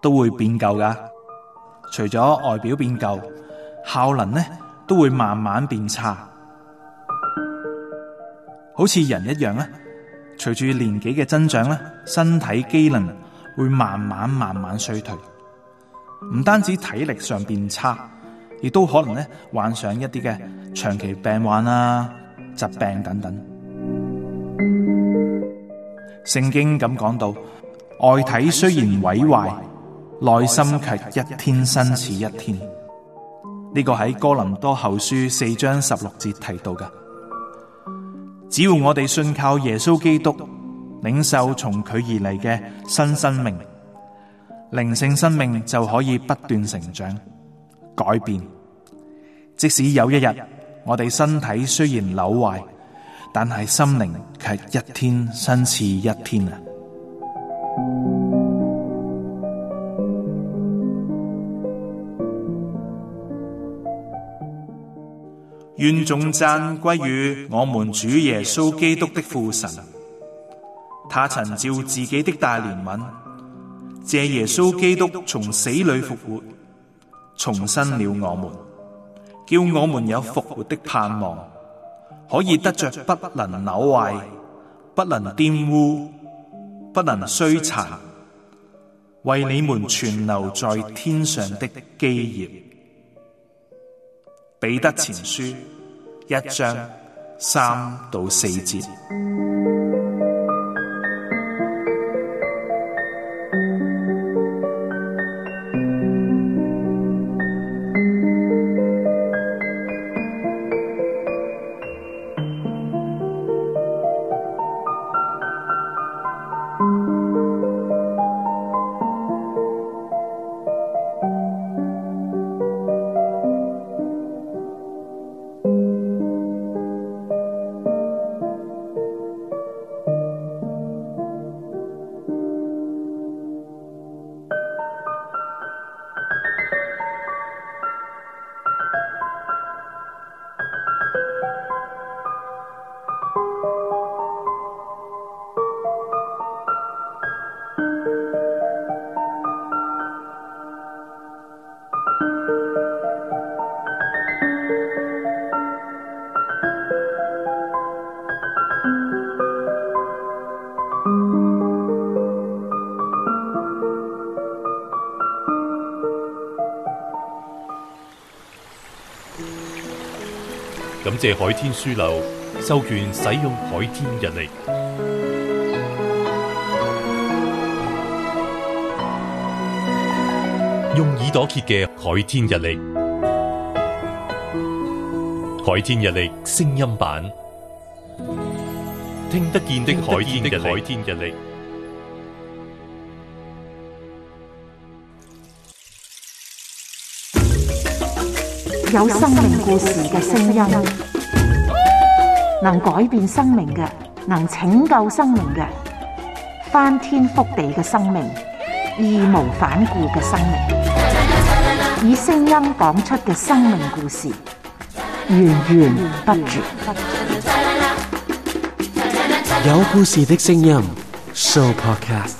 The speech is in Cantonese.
都會變舊噶，除咗外表變舊，效能呢都會慢慢變差，好似人一樣啦。隨住年紀嘅增長咧，身體機能會慢慢慢慢衰退，唔單止體力上變差，亦都可能呢患上一啲嘅長期病患啊、疾病等等。聖經咁講到，外體雖然毀壞。內心卻一天新似一天，呢個喺哥林多後書四章十六節提到嘅。只要我哋信靠耶穌基督，領受從佢而嚟嘅新生命，靈性生命就可以不斷成長改變。即使有一日我哋身體雖然朽壞，但係心靈卻一天新似一天啊！願頌讚歸於我們主耶穌基督的父神，他曾照自己的大憐憫，借耶穌基督從死裏復活，重生了我們，叫我們有復活的盼望，可以得着不能朽壞、不能玷污、不能衰殘，為你們存留在天上的基業。彼得前書一章三到四節。感謝海天書樓授權使用海天日曆，用耳朵揭嘅海天日曆，海天日曆聲音版，聽得見的海天日曆。有生命故事嘅聲音，能改變生命嘅，能拯救生命嘅，翻天覆地嘅生命，義無反顧嘅生命，以聲音講出嘅生命故事，源源不絕。有故事嘅聲音，Sooo Podcast。